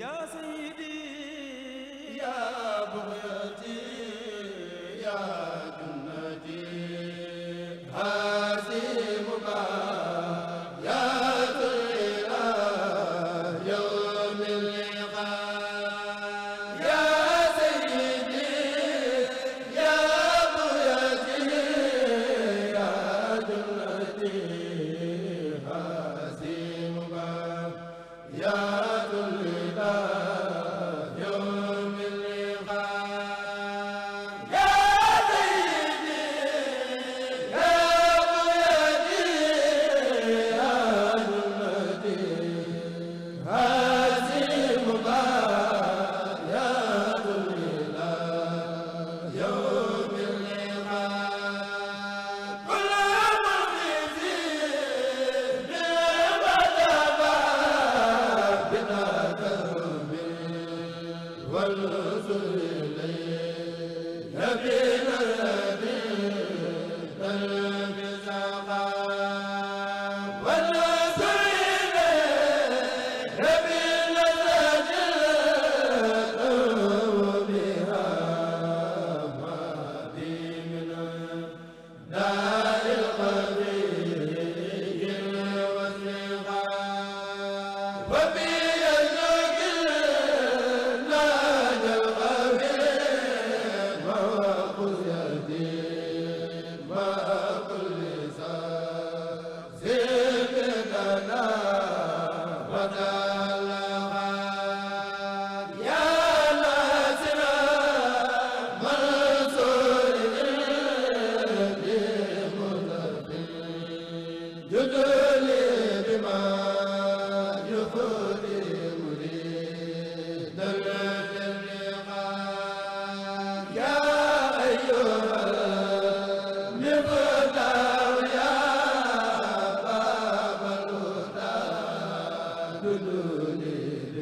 yaa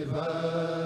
الفاتحة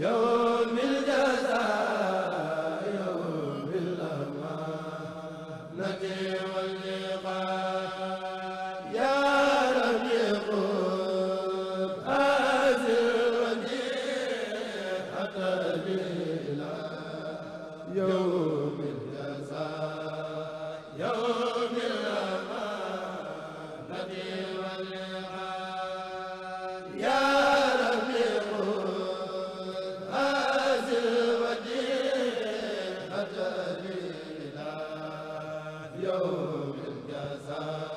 yaa yow